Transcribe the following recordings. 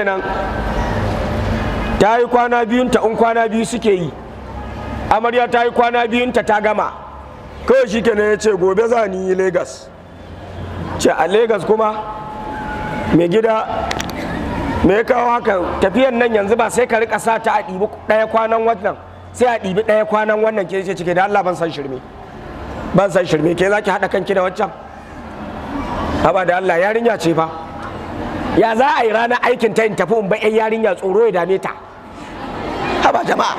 kenan ta yi kwana biyunta in kwana biyu suke yi amarya ta yi kwana biyunta ta gama kawai shi kenan ya ce gobe za ni yi Legas. ce a Legas kuma mai gida me ya kawo haka tafiyan nan yanzu ba sai ka rika sa ta a ɗibi ɗaya kwanan wannan sai a ɗibi ɗaya kwanan wannan ke ce cike da Allah ban san shirme ban san shirme ke za ki haɗa kanki da waccan haba da Allah yarinya ce fa ya za a yi ranar aikin ta yin tafi in bai yarinya tsoro ya dame ta haba jama'a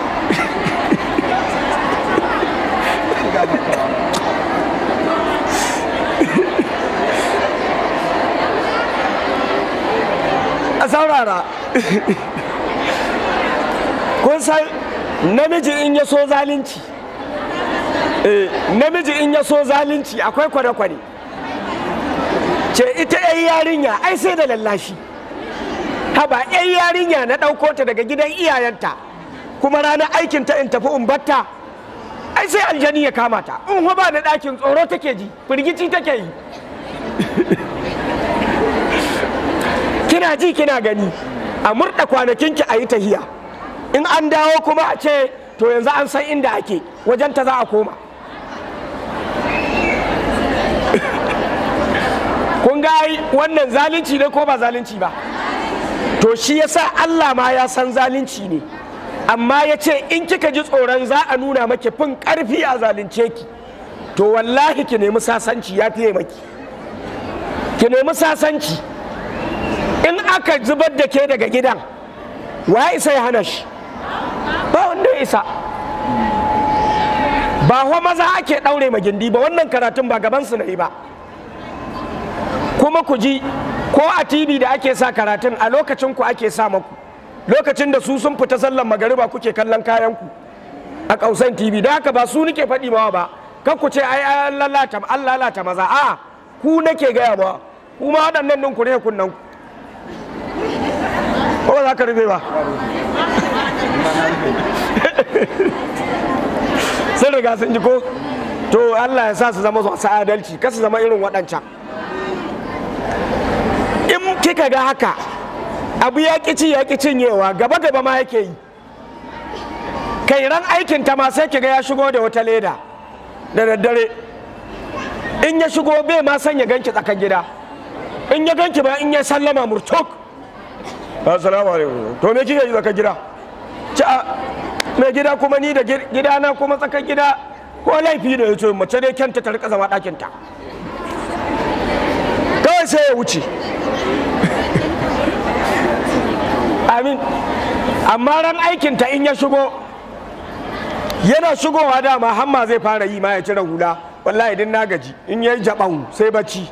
a saurara kun san namiji in ya so zalunci eh, namiji in ya so zalunci akwai kwade-kwade ce ita yan yarinya ai sai da lallashi haba yan yarinya na ɗauko ta daga gidan iyayenta kuma ranar aikin ta in tafi umbatta ai sai aljani ya kama ta in ba na ɗakin tsoro take ji firgici take yi kina ji kina gani a murɗa ki a yi tahiya in an dawo kuma a ce to yanzu an san inda ake wajen ta za a koma ga wannan zalunci ne ko ba zalunci ba to shi yasa Allah ma ya san zalunci ne amma ya ce in kika ji tsoron za a nuna maki fin karfi a zalunce ki to wallahi ki nemi sasanci ya fiye maki ki nemi sasanci in aka zubar da ke daga gidan wa isa ya hana shi ba wanda ya isa ba maza ake ɗaure magindi ba wannan karatun ba gabansu na yi ba kuma ku ji ko a tv da ake sa karatun a lokacin ku ake sa maku lokacin da su sun fita sallan magariba kuke kallon kayan ku a kausan tv da haka ba su nake faɗi mawa ba kan ku ce ai an lalata an lalata maza a ku nake gaya ma kuma waɗannan din ku ne kunnan ku ko ba za ka rufe ba sun riga sun ji ko to Allah ya sa su zama su adalci kasu su zama irin waɗancan in kika ga haka abu ya ci ya cinyewa gaba gaba ma yake yi kai ran aikin ta ma sai kiga ya shigo da wata leda da daddare in ya shigo bai ma san ya ganki tsakan gida in ya ganki ba in ya sallama murtok assalamu alaikum to me kike yi tsakan gida ci a me gida kuma ni da gidana kuma tsakan gida ko laifi ne ya ce mace dai kyanta ta rika zama ɗakinta ta kawai sai ya wuce amin amma ran aikinta in ya shigo yana shigowa dama hamma zai fara yi ma ya cire hula wallahi din na gaji in ya yi jaɓan sai bacci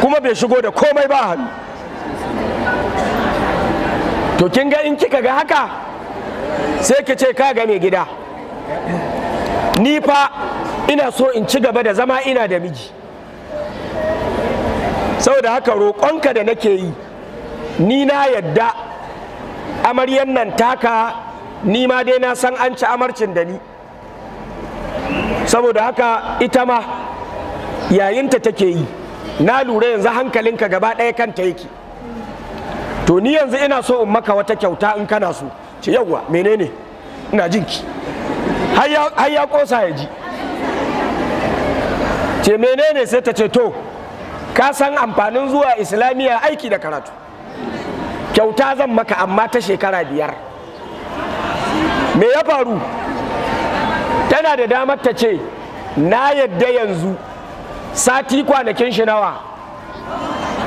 kuma bai shigo da komai ba hannu to kin ga in kika ga haka sai ki ce ka gane gida ni fa ina so in ci gaba da zama ina da miji saboda haka roƙonka da nake yi ni na yadda amaryan nan taka ni ma dai na san an ci amarcin da ni saboda haka ita ma yayinta take yi na lura yanzu hankalinka gaba ɗaya kanta yake to ni yanzu ina so in maka wata kyauta in kana so ce yauwa menene ina jinki har ya ƙosa ya ji ce menene sai ta ce to ka san amfanin zuwa islamiyya aiki da karatu kyauta zan maka amma ta shekara biyar me ya faru tana da damar ta ce na yadda yanzu sati kwanakin shi nawa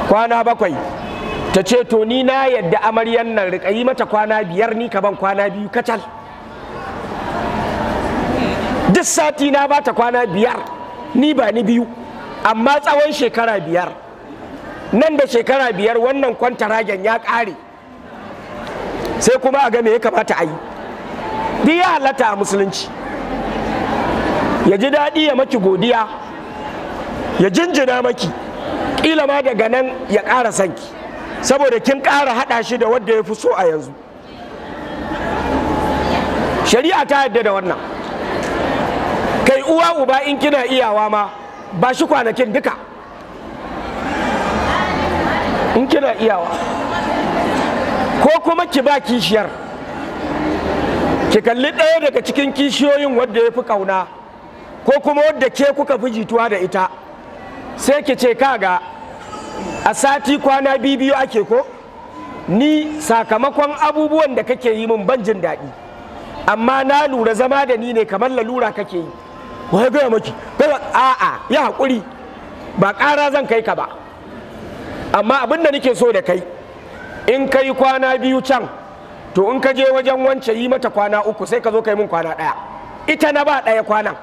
kwana bakwai ta ce to ni na yadda amaryan nan rika yi mata kwana biyar ni ka ban kwana biyu kacal duk sati na bata kwana biyar ni ba ni biyu amma tsawon shekara biyar nan da shekara biyar wannan ragen ya ƙare sai kuma a ga ya kamata a yi duk ya halatta a musulunci ya ji daɗi ya maki godiya ya jinjina maki ƙila ma daga nan ya ƙara sanki saboda kin ƙara haɗa shi da wadda ya fi so a yanzu shari'a ta yadda da wannan kai uwa uba in kina iyawa ma ba shi kwanakin duka in kina iyawa ko kuma ki ba kishiyar ki kalli ɗaya daga cikin kishiyoyin wadda ya fi ƙauna ko kuma wadda ke kuka fi jituwa da ita sai ki ce kaga a sati kwana biyu ake ko ni sakamakon abubuwan da kake yi min ban jin daɗi amma na lura zama da ni ne kamar lalura kake yi wa ya gaya maki a'a ya haƙuri ba ƙara zan kai ka ba amma abin da nake so da kai in ka yi kwana biyu can to in ka je wajen wance yi mata kwana uku sai ka zo ka yi min kwana ɗaya ita na ba ɗaya kwanan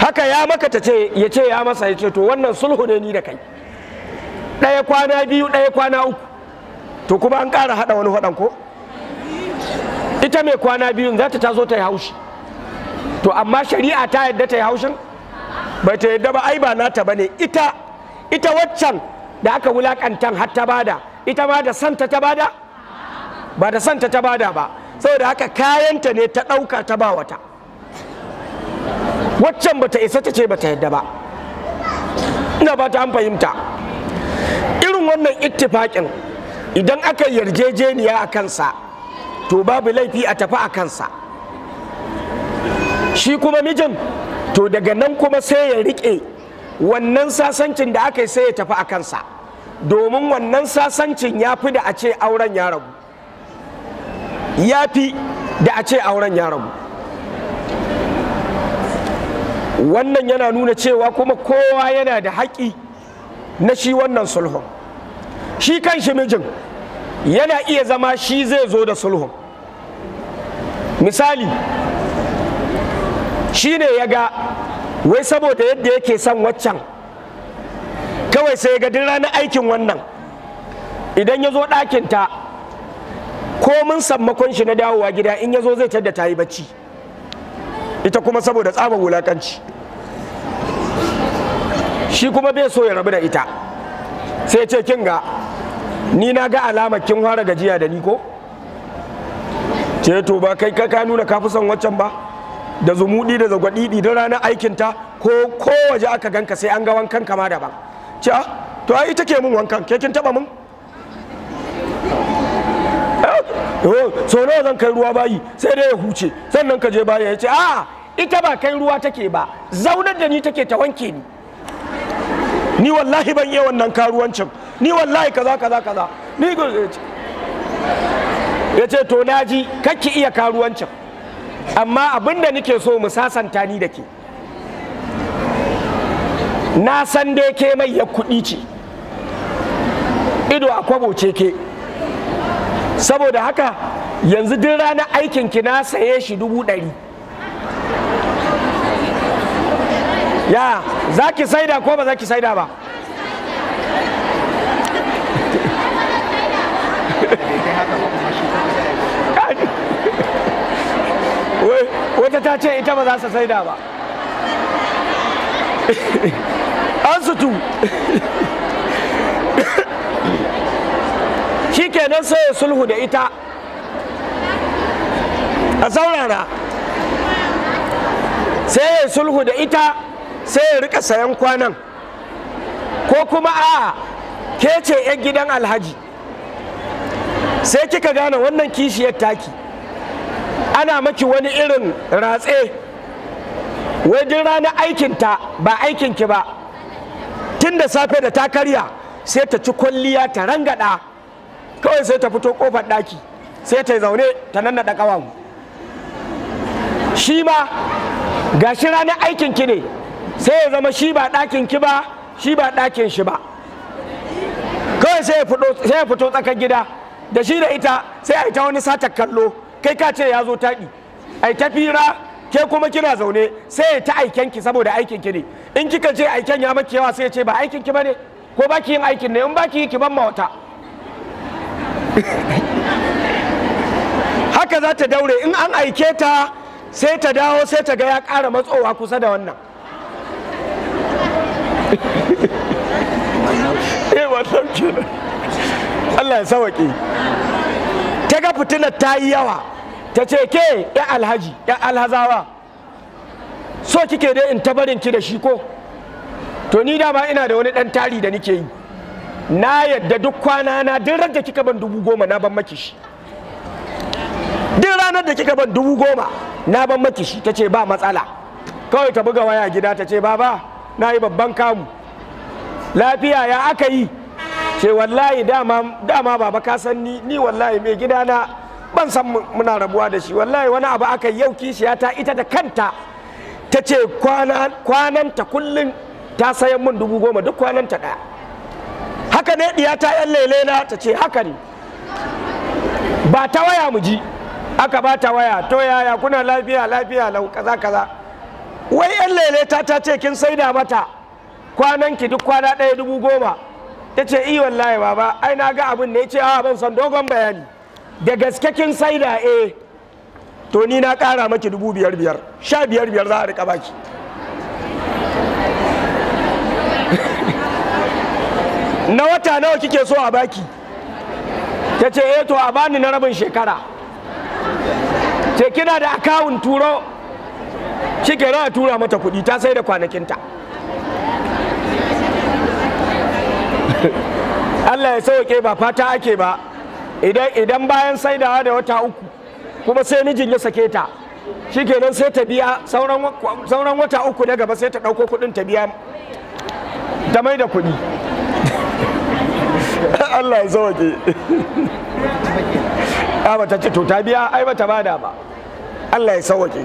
haka ya maka ta ce ya ce ya masa ya ce to wannan sulhu ne ni da kai ɗaya kwana biyu ɗaya kwana uku to kuma an ƙara haɗa wani haɗan ko ita mai kwana biyun za ta tazo ta yi haushi to amma shari'a ta yadda ta yi haushin bai ta yadda ba ai ba nata bane ita ita waccan da aka wulakantan har ta bada ita ma da santa ta bada ba da santa ta bada ba saboda haka kayanta ne ta ɗauka ta ba wata waccan bata isa ta ce bata yadda ba ina ba ta an fahimta irin wannan ittifaƙin idan aka yarjejeniya a kansa to babu laifi a tafi a kansa shi kuma mijin to daga nan kuma sai ya riƙe wannan sasancin da aka yi sai ya tafi a kansa domin wannan sasancin ya fi da a ce auren ya rabu ya fi da a ce auren ya rabu wannan yana nuna cewa kuma kowa yana da haƙi na shi wannan sulhun shi kan shi mijin yana iya zama shi zai zo da sulhun misali Shi ne ya ga wai saboda yadda yake son waccan kawai sai ya ga duk ranar aikin wannan idan ya zo ɗakinta ko mun sammakon shi na dawowa gida in ya zo zai tadda ta yi bacci ita kuma saboda tsamin wulakanci shi kuma bai so ya rabu da ita sai ce kin ga ni na ga alamar kin fara gajiya da ni ko ce to ba kai ka nuna ka fi son waccan ba da zumudi da zagwadidi don ranar aikinta ko kowaje aka ganka sai an ga wankan kama daban ce ah, to ai ita ke mun wankan ke kin taba mun eh, oh, so nawa zan kai ruwa bayi sai dai ya huce sannan ka je baya ya ce a ah, ita ba kai ruwa take ba zaunar da ni take ta wanke ni ni wallahi ban iya wannan karuwancin ni wallahi kaza kaza kaza ni ya ce to naji kakki iya karuwancin amma abin da nake so mu sasanta ni da ke na san dai ke mai ya kuɗi ce ido a kwabo ce ke saboda haka yanzu duk ranar aikin ki na saye shi dubu ɗari ya za ki saida ko ba za ki saida ba wata ta ce ita ba za su saida ba an sutu shi kenan sai ya sulhu da ita a saurara sai ya sulhu da ita sai ya rika sayan kwanan ko kuma a ke ce 'yan gidan alhaji sai kika gane wannan kishiyar taki ana maki wani irin ratse wai duk ranar aikinta ba aikinki ba tun da safe da ta karya sai ta ci kwalliya ta rangada kawai sai ta fito kofar daki sai ta zaune ta nannaɗa ƙawan shi ma ga shi ranar aikinki ne sai ya zama shi ba ɗakin ki ba shi ba ɗakin shi ba kawai sai ya fito tsakar gida da shi da ita sai a ita wani satar kallo kai ka ce ya zo taɗi ai ta fira ke kuma kina zaune sai ya ta aiken ki saboda aikin ki ne in kika je aiken ya maki yawa sai ya ce ba aikin ki bane ko baki yin aikin ne in baki yi ki ban ma wata haka za ta daure in an aike ta sai ta dawo sai ta ga ya ƙara matsowa kusa da wannan eh, Allah ya sawaƙi ta ga fitinar ta yi yawa ta ce ke ya alhaji ya alhazawa so kike dai in tabarin ki da shi ko to ni dama ina da wani dan tari da nike yi na yadda duk kwana na duk ranar da kika ban dubu goma na ban maki shi duk ranar da kika ban dubu goma na ban maki shi ta ce ba matsala kawai ta buga waya gida ta ce baba na yi babban kamu lafiya ya aka yi ce wallahi dama dama baba ka san ni ni wallahi mai gidana ban san muna rabuwa da shi wallahi wani abu aka yau kishiyata ita da kanta ta ce kwananta kullum ta sayan mun dubu goma duk kwananta ɗaya haka ne diyata yan lelena ta ce haka ne ba ta waya mu ji aka ba ta waya to yaya kuna lafiya lafiya lau kaza kaza wai yan lele ta ta ce kin saida mata kwanan ki duk kwana ɗaya dubu goma ta ce iya wallahi baba ai na ga abin ne ce a ban son dogon bayani da gaske kin saida e, to ni na ƙara maki dubu biyar biyar sha biyar biyar za a rika baki na wata nawa kike so a baki ta ce eh to a bani na rabin shekara ce kina da akawun turo kike na tura mata kuɗi ta sai da kwanakinta Allah ya sauke ba fata ake ba idan bayan saidawa da wata uku kuma sai mijin ya sake ta shi nan sai ta biya sauran wata uku na gaba sai ta ɗauko kuɗin ta biya ta mai da kuɗi Allah ya zawaje a bata ce to ta biya ai bata bada ba Allah ya sauke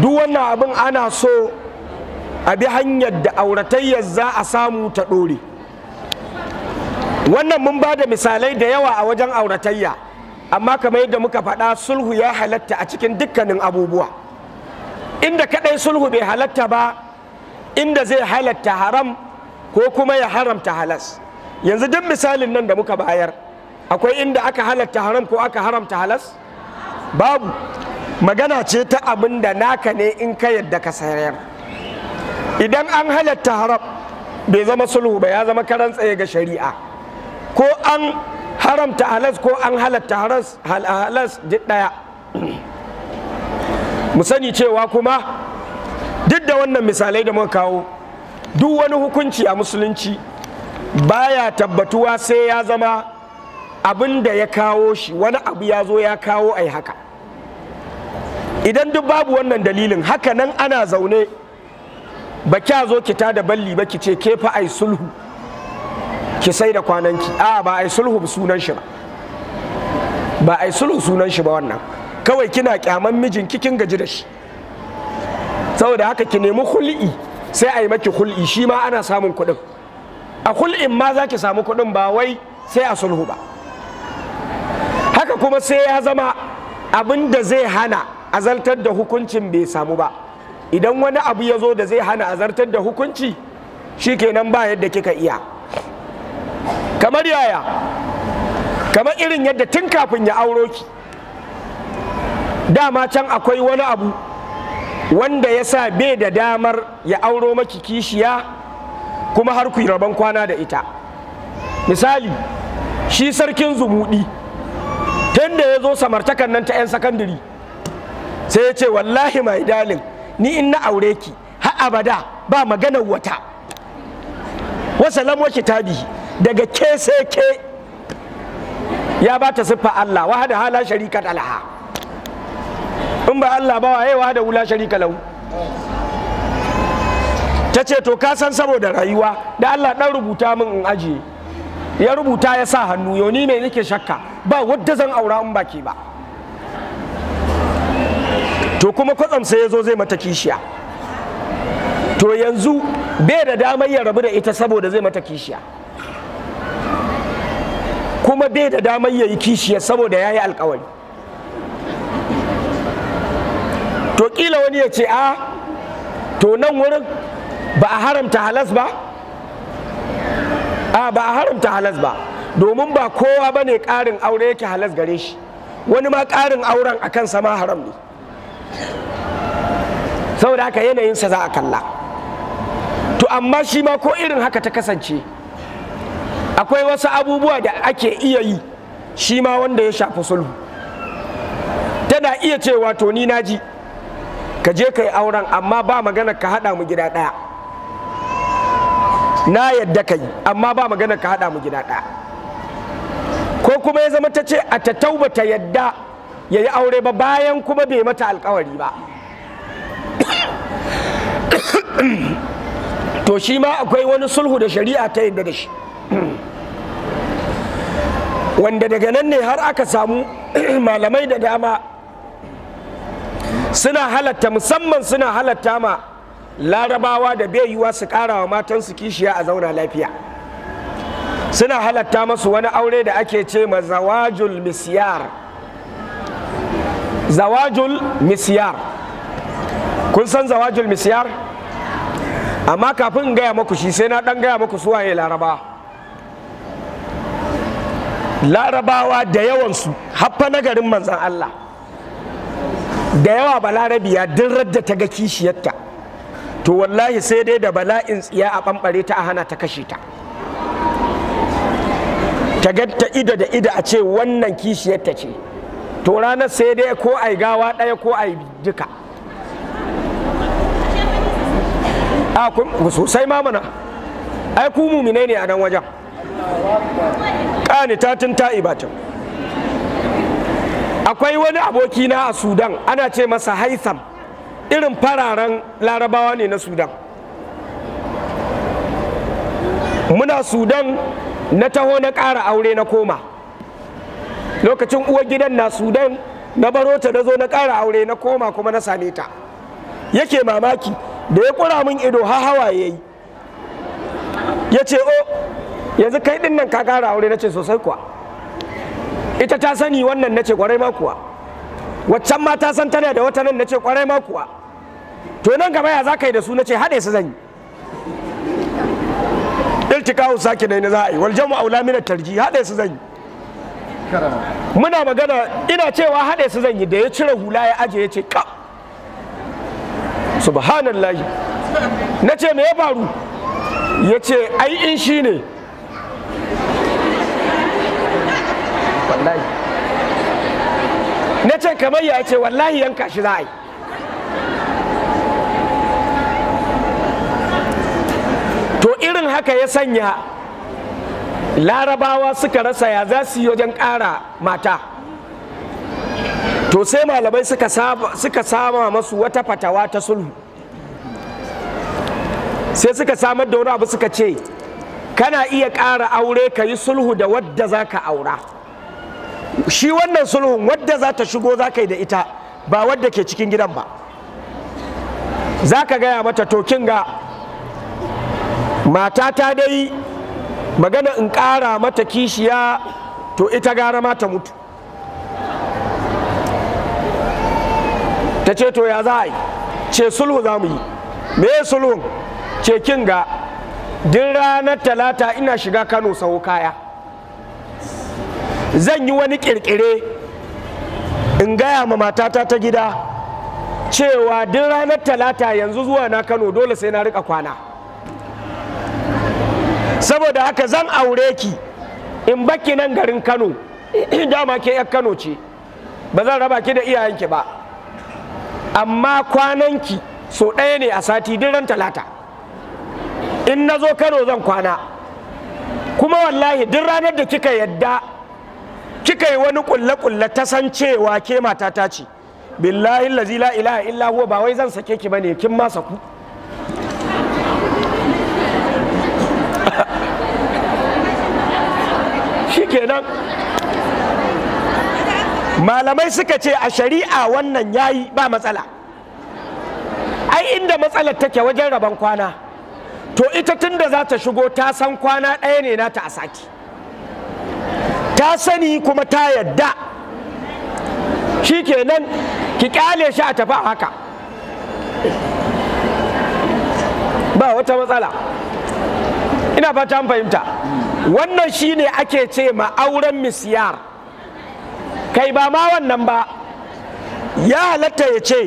duk wannan abin ana so a bi hanyar da auratayyar za a samu ta ɗore wannan mun bada misalai da yawa a wajen auratayya amma kamar yadda muka faɗa sulhu ya halatta a cikin dukkanin abubuwa inda kaɗai sulhu bai halatta ba inda zai halatta haram ko kuma ya haramta halas yanzu duk misalin nan da muka bayar akwai inda aka halatta haram ko aka haramta halas babu magana ce ta abin da naka ne in ka yadda ka sayar idan an halatta haram bai zama sulhu ba ya zama karan tsaye ga shari'a ko an haramta halas ko an halatta halas halas duk ɗaya mu sani cewa kuma duk da wannan misalai da muka kawo duk wani hukunci a musulunci baya tabbatuwa sai ya zama abin da ya kawo shi wani abu ya zo ya kawo ai haka idan duk babu wannan dalilin haka nan ana zaune ba kya zo ki da balli ba ki ce ke fa ai sulhu ki sai da kwananki a ba a yi sulhu sunan shi ba ba a yi sulhu sunan shi ba wannan kawai kina kyaman mijin ki, kin gaji da shi saboda haka ki nemi hul'i sai a yi maki hul'i shi ma ana samun kuɗin a hul'in ma za ki samu kuɗin ba wai sai a sulhu ba haka kuma sai ya zama abin da zai hana azartar da hukuncin bai samu ba idan wani abu ya zo da zai hana azartar da hukunci shi kenan ba yadda kika iya kamar yaya kamar irin yadda tun kafin ya auro ki dama can akwai wani abu wanda ya sa bai da damar ya auro maki kishiya kuma har ku yi rabon kwana da ita misali shi sarkin zumuɗi tun da ya zo samartakan nan ta 'yan sakandiri sai ya ce wallahi mai dalin ni in na aure ki har abada ba maganar wata wasalam wa kitabihi daga ke sai ke ya ba ta siffa Allah wahada hala sharika talaha in ba Allah ba waye wahada wula sharika lau ta ce to kasan saboda rayuwa da Allah dan rubuta min in ajiye ya rubuta ya sa hannu yoni mai nake shakka ba wadda zan aura in baki ba to kuma kwatsam sai ya zo zai mata kishiya to yanzu bai da damar ya rabu da ita saboda zai mata kishiya kuma bai da damar ya yi kishiya saboda ya yi alkawari to kila wani ya ce a ah, to nan wurin ba a haramta halas ba a ah, ba a haramta halas ba domin ba kowa ba ne ƙarin aure yake halas gare shi wani ma ƙarin auren a kansa ma haram ne saboda haka yanayinsa za a kalla to amma shi ma ko irin haka ta kasance akwai wasu abubuwa da ake iya yi shi ma wanda ya shafi sulhu tana iya cewa to ni naji ka je ka yi auren amma ba magana ka haɗa mu gida ɗaya na yadda ka yi amma ba magana ka haɗa mu gida ɗaya ko kuma ya zama ta ce a ta taubata yadda ya yi aure ba bayan kuma bai mata alkawari ba to shi ma akwai wani sulhu da shari'a ta yadda da shi wanda daga nan ne har aka samu malamai da dama suna halatta musamman suna halatta ma larabawa da bai yiwa su karawa matansu kishiya a zauna lafiya suna halatta masu wani aure da ake ce ma zawajul misiyar zawajul misiyar kun san zawajul misyar amma kafin in gaya maku shi sai na dan gaya maku suwaye laraba larabawa da yawansu haffa na garin manzan Allah da yawa balarabiya din radda ta ga kishiyarta to wallahi sai dai da bala'in tsiya a ɓamɓare ta a hana ta kashe ta ta ta ido da ido a ce wannan kishiyarta ce to ranar sai dai ko ai gawa ɗaya ko ai duka a sosai mamana ai ku mumine ne a nan wajen ta ta ta'ibatin akwai wani aboki na a Sudan ana ce masa Haitham irin fararen larabawa ne na Sudan muna Sudan na taho na ƙara aure na koma lokacin uwar gidan na Sudan na baro ta na zo na ƙara aure na koma kuma na same ta yake mamaki da ya ƙura min ido ha hawaye ya ce o oh, yanzu kai din nan ka gara aure nace sosai kuwa ita ta sani wannan nace kwarai ma kuwa waccan ma ta san tana da wata nan nace kwarai ma kuwa to nan gaba ya za ka yi da su nace haɗe su zan yi iltikahu sake na za a yi wal jamu aula min tarji haɗe su zan yi muna magana ina cewa haɗe su zan yi da ya cire hula ya aje ya ce ka subhanallahi na ce me ya faru ya ce ai in shi ne wallahi na can kamar ya ce wallahi yanka shi za a yi to irin haka ya sanya larabawa suka rasa ya za su yi wajen ƙara mata to sai malamai suka sama masu wata fatawa ta sulhu sai suka samar da wani abu suka ce kana iya ƙara aure ka yi sulhu da wadda za ka aura shi wannan sulhun wadda za ta shigo za ka yi da ita ba wadda ke cikin gidan ba za ka gaya mata tokin ga matata dai magana in ƙara mata kishiya to ita gara mata mutu ta ce to ya za a yi ce sulhu za mu yi me sulhun ce kin ga din ranar talata ina shiga kano sawo kaya zan yi wani kirkire in gaya ma matata ta gida cewa duk ranar talata yanzu zuwa na kano dole sai na rika kwana saboda haka zan aure ki in baki nan garin kano dama ke yar kano ce ba zan raba ki da iyayenki ba amma kwananki so ɗaya ne a sati din ran talata in na zo kano zan kwana kuma wallahi duk ranar da kika yadda kika yi wani kulle-kulle ta san cewa ke mata ta ce billahi lazi la ilaha illa huwa ba wai zan sake ki bane kin ma saku shikenan malamai suka ce a shari'a wannan yayi ba matsala ai inda matsalar take wajen rabon kwana to ita tunda za ta shigo ta san kwana ɗaya ne nata a sati ta sani kuma ta yadda shi kenan ki kyale shi a tafi a haka ba wata matsala ina fata an fahimta wannan shi ne ake ce ma auren misiyar kai ba ma wannan ba ya halatta ya ce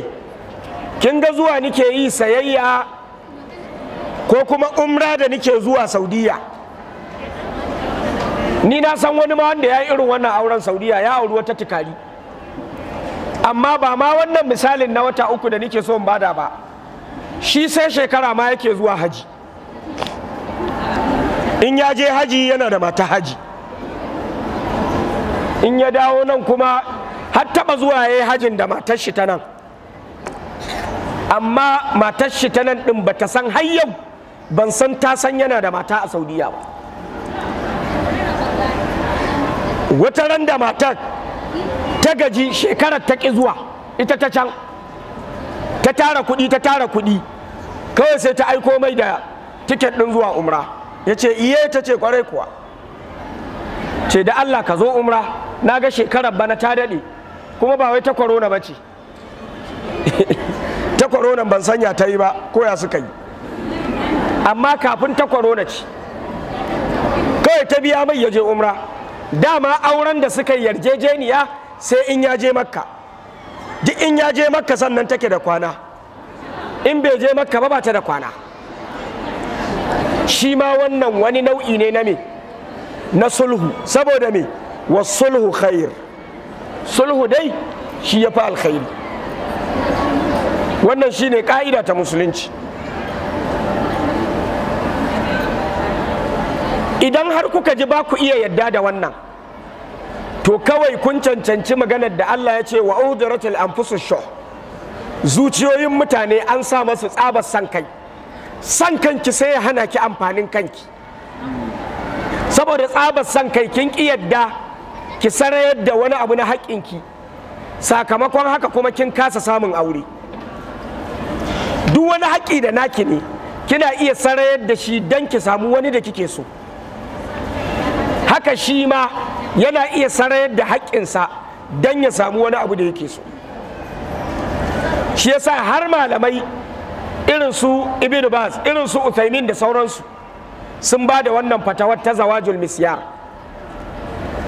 kin ga zuwa nike yi sayayya ko kuma umra da nike zuwa saudiya ni na san wani ma wanda ya yi irin wannan auren saudiya ya auri wata tikari amma ba ma wannan misalin na wata uku da nike so in bada ba shi sai shekara ma yake zuwa haji in ya je haji yana da mata haji in ya dawo nan kuma har taɓa zuwa ya yi hajin da matar shi ta nan amma matar shi ta nan din ta san har yau ban san ta san yana da mata a saudiya ba wata ran da matar ta gaji shekarar ta ƙi zuwa ita ta can ta tara kuɗi ta tara kuɗi kawai sai ta aiko mai da tiket ɗin zuwa umra ya ce iye ta ce kwarai kuwa ce da Allah ka zo umra na ga shekarar bana ta daɗe kuma ba wai ta korona ba ce ta korona ban sanya ta yi ba ko ya suka yi amma kafin ta korona ce kawai ta biya mai ya je umra dama auren da suka yarjejeniya sai in ya je makka duk in ya je makka sannan take da kwana in bai je makka ba ba ta da kwana shi ma wannan wani nau'i ne na me na sulhu saboda me wa sulhu khair sulhu dai shi ya fi alkhairi wannan shine ka'ida ta musulunci idan har kuka ji ba ku iya yadda da wannan to kawai kun cancanci maganar da Allah ya ce wa udratul anfusu sho zuciyoyin mutane an sa masu tsabar san kai san kanki sai ya hana ki amfanin kanki saboda tsabar san kai kin ki yadda ki sarayar da wani abu na haƙƙinki sakamakon haka kuma kin kasa samun aure duk wani haƙƙi da naki ne kina iya sarayar da shi don ki samu wani da kike so haka shi ma yana iya sarayar da haƙƙinsa don ya samu wani abu da yake so shi yasa har malamai irin su ibn bas irin su uthaymin da sauransu sun ba da wannan fatawar ta zawajul misyar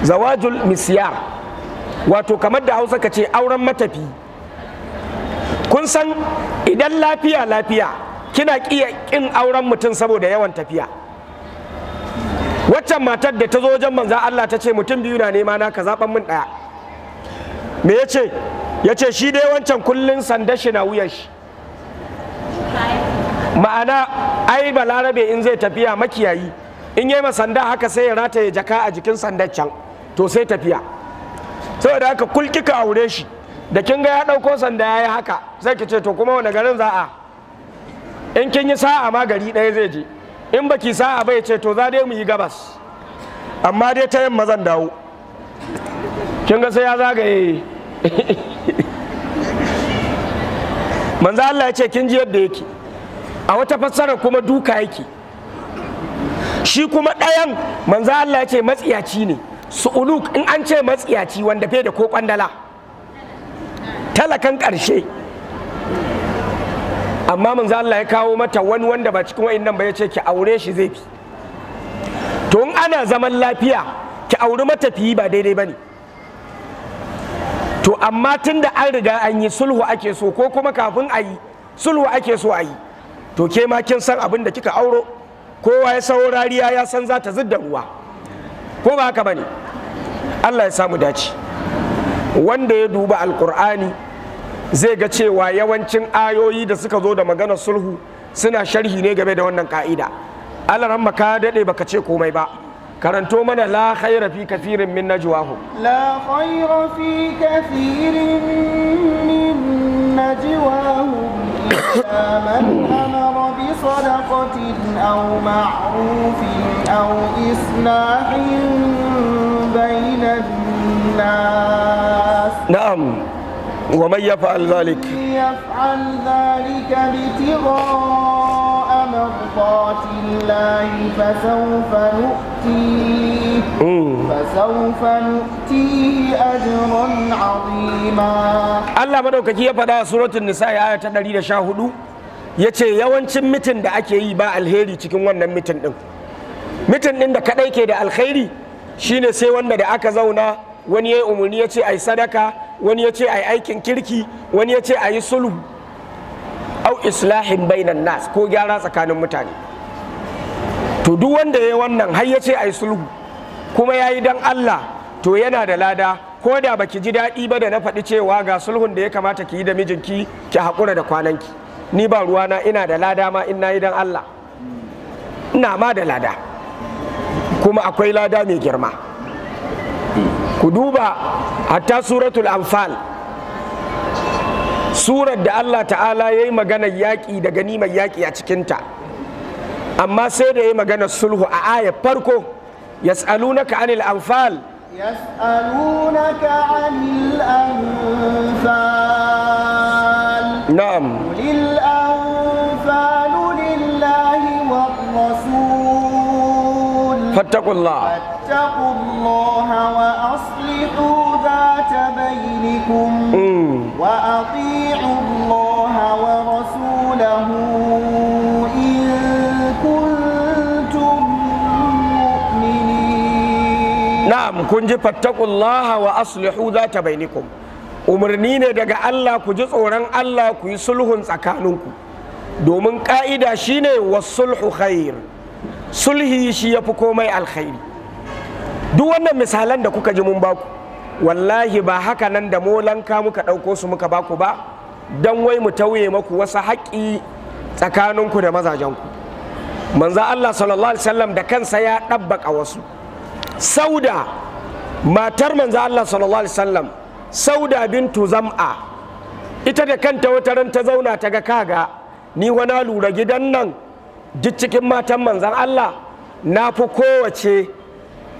zawajul misyar wato kamar da hausa ka ce auren matafi kun san idan lafiya lafiya kina ƙiya ƙin auren mutum saboda yawan tafiya waccan matar da ta zo wajen manzan Allah ta ce mutum biyu na nema na ka zaɓan min ɗaya me ya ce ya ce shi dai wancan kullun sanda shi na wuyan shi ma'ana ai balarabe in zai tafiya makiyayi in yi sanda haka sai ya rataye jaka a jikin sandan can to sai tafiya saboda haka kulkika aure shi da kin ga ya ɗauko sanda ya yi haka zai ki ce to kuma wani garin za'a. in kin yi sa'a ma gari ɗaya zai je in baki sa'a bai ce to za dai mu yi gabas amma dai ta yamma zan dawo kin ga sai ya zagaye manzo Allah ya ce kin ji yadda yake a wata fassara kuma duka yake shi kuma ɗayan manzo Allah ya ce matsiyaci ne su'uluk in an ce matsiyaci wanda fe da ko kwandala talakan ƙarshe amma manzo Allah ya kawo mata wani wanda ba cikin nan ba ya ce ki aure shi zai fi to in ana zaman lafiya ki auri matafiyi ba daidai bane to amma tun da an riga an yi sulhu ake so ko kuma kafin a yi sulhu ake so a yi to ke ma kin san abin da kika auro kowa ya sauro rariya ya san za ta zidda ruwa ko ba haka bane Allah ya samu dace wanda ya duba alkur'ani zai ga cewa yawancin ayoyi da suka zo da maganar sulhu suna sharhi ne game da wannan ka'ida alaran ka daɗe baka ce komai ba karanto mana la khaira fi kafirin min najwahu la khaira fi kafirin min najwahu ومن يفعل ذلك يفعل ذلك ابتغاء مرضات الله فسوف نؤتيه فسوف نؤتيه أجرا عظيما الله مدوكaki ya faɗa suratul nisa aya ta 114 yace yawancin mitin da ake yi ba alheri cikin wannan mitin din mitin din da kadai ke da alkhairi shine sai wanda da aka zauna wani ya yi umarni ya ce ai sadaka wani ya ce a yi aikin kirki wani ya ce a yi sulhu au islahin bainan nas ko gyara tsakanin mutane to duk wanda ya yi wannan har ya ce a yi sulhu kuma ya yi don allah to yana da lada ko da baki ji daɗi ba da na faɗi cewa ga sulhun da ya kamata ki yi da mijinki ki haƙura da kwananki ni ba ruwana ina da lada ma in na yi don allah ina ma da lada kuma akwai lada mai girma ku duba hatta suratul anfal surar da Allah ta'ala ya yi maganar yaƙi da ganimar yaƙi a cikinta amma sai da ya yi maganar sulhu a aya farko yas'alunaka anil anfal yas'alunaka anil anfal na'am lil anfal فاتقوا الله وأصلحوا ذات بينكم وأطيعوا الله ورسوله إن كنتم مؤمنين نعم كنت فاتقوا الله وأصلحوا umarni ne daga Allah ku ji tsoron Allah ku yi sulhun tsakaninku domin ka'ida shine wasulhu khair sulhi shi yafi komai alkhairi duk wannan misalan da kuka ji mun baku wallahi ba haka nan da molanka muka ɗauko su muka baku ba don wai mu tauye maku wasu haƙƙi tsakaninku da mazajenku manzo Allah sallallahu alaihi wasallam da kansa ya ɗabbaka wasu sauda matar manzo Allah sallallahu alaihi wasallam sauda bintu zam'a ita da kanta wata ran ta zauna ta ga kaga ni wani lura gidan nan duk cikin matan manzan Allah na fi kowace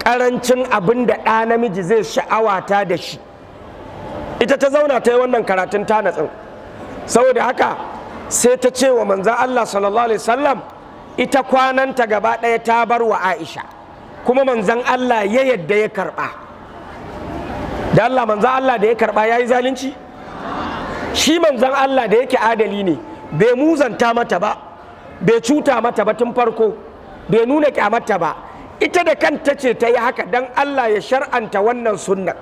karancin abin da ɗa namiji zai sha'awata da shi ita ta zauna ta yi wannan karatun ta natsin saboda haka sai ta ce wa manzan Allah sallallahu alaihi wasallam ita kwananta gaba ɗaya ta bar wa Aisha kuma manzan Allah ya yadda ya karɓa da Allah manzan Allah da ya karɓa ya yi zalunci shi manzan Allah da yake adali ne bai muzanta mata ba bai cuta mata ba tun farko bai nuna kyamata ba ita da kanta ce ta yi haka don Allah ya shar'anta wannan sunna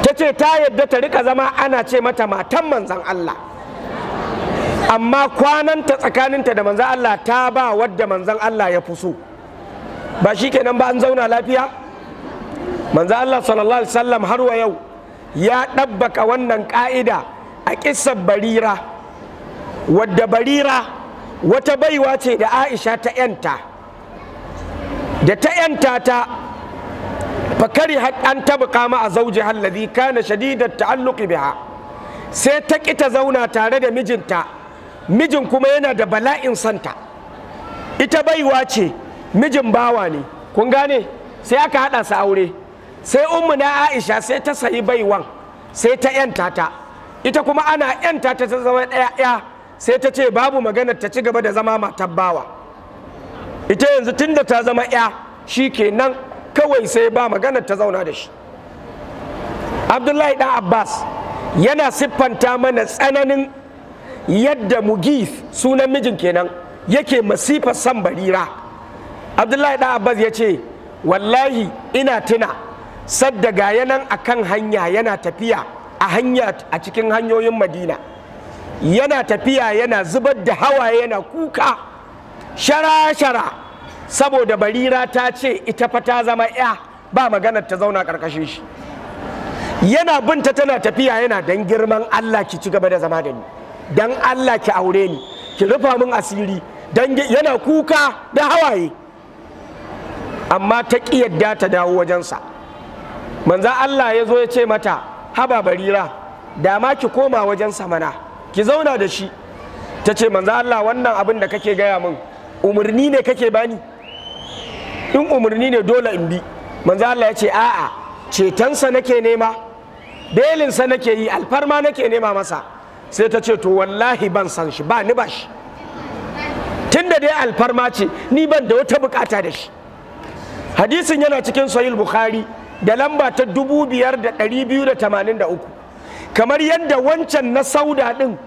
ta ce ta yadda ta rika zama ana ce mata matan manzan Allah amma kwananta tsakaninta da manzan Allah ta ba wadda manzan Allah ya fi so ba shi kenan ba an zauna lafiya manzan Allah sallallahu alaihi wasallam har wa yau ya ɗabbaka wannan ƙa'ida a ƙisar barira wadda barira wata baiwa ce da aisha ta 'yanta da ta yanta ta fakari an tabuka ma a zauji halladi kana shadidar ta'alluqi biha sai ta kita zauna tare da mijinta mijin kuma yana da bala'in santa ita baiwa ce mijin bawa ne kun gane sai aka haɗa su aure sai ummu na aisha sai ta sayi baiwan sai ta yanta ta ita kuma ana yanta ta zama ɗaya sai ta ce babu maganar ta ci gaba da zama matar bawa ita yanzu tunda ta zama ya shi kenan kawai sai ba magana ta zauna da shi abdullahi dan abbas yana siffanta mana tsananin yadda mugif sunan mijin kenan yake masifar san barira abdullahi dan abbas ya ce wallahi ina tuna sadda ga yanan kan hanya yana tafiya a hanya a cikin hanyoyin madina yana tafiya yana zubar da hawaye yana kuka shara-shara saboda barira ta ce ita fa ta zama ya ba maganar ta zauna ƙarƙashin shi yana binta tana tafiya yana dan girman Allah ki ci gaba da zama da ni dan Allah ki aure ni ki rufa min asiri dan yana kuka da hawaye amma ta ƙi yadda ta dawo wajensa manzan Allah ya zo ya ce mata haba barira da ma ki koma wajensa mana ki zauna da shi ta ce manzan Allah wannan abin da kake gaya min umarni ne kake bani in umarni ne dole in bi manzo Allah ya ce a'a cetonsa nake nema belinsa nake yi alfarma nake nema masa sai ta ce to wallahi ban san shi ba ni ba tunda dai alfarma ce ni ban da wata bukata da shi hadisin yana cikin sahih bukhari da lamba ta 5283 kamar yadda wancan na sauda din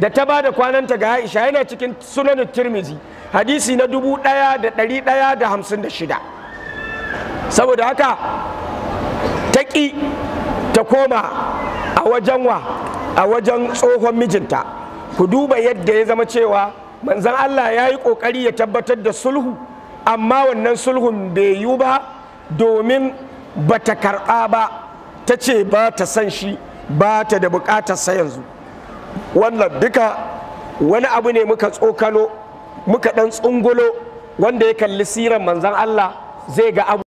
da ta ba da kwananta ga Aisha yana cikin sunanin Tirmizi hadisi na dubu ɗaya da ɗari ɗaya da hamsin da shida saboda haka ta ƙi ta koma a wajen wa a wajen tsohon mijinta ku duba yadda ya zama cewa manzan Allah ya yi ƙoƙari ya tabbatar da sulhu amma wannan sulhun bai yi ba domin ba ta karɓa ba ta ce ba ta san shi ba ta da buƙatarsa yanzu wannan duka wani abu ne muka tsokalo muka ɗan tsungulo wanda ya kalli siran manzan Allah zai ga abu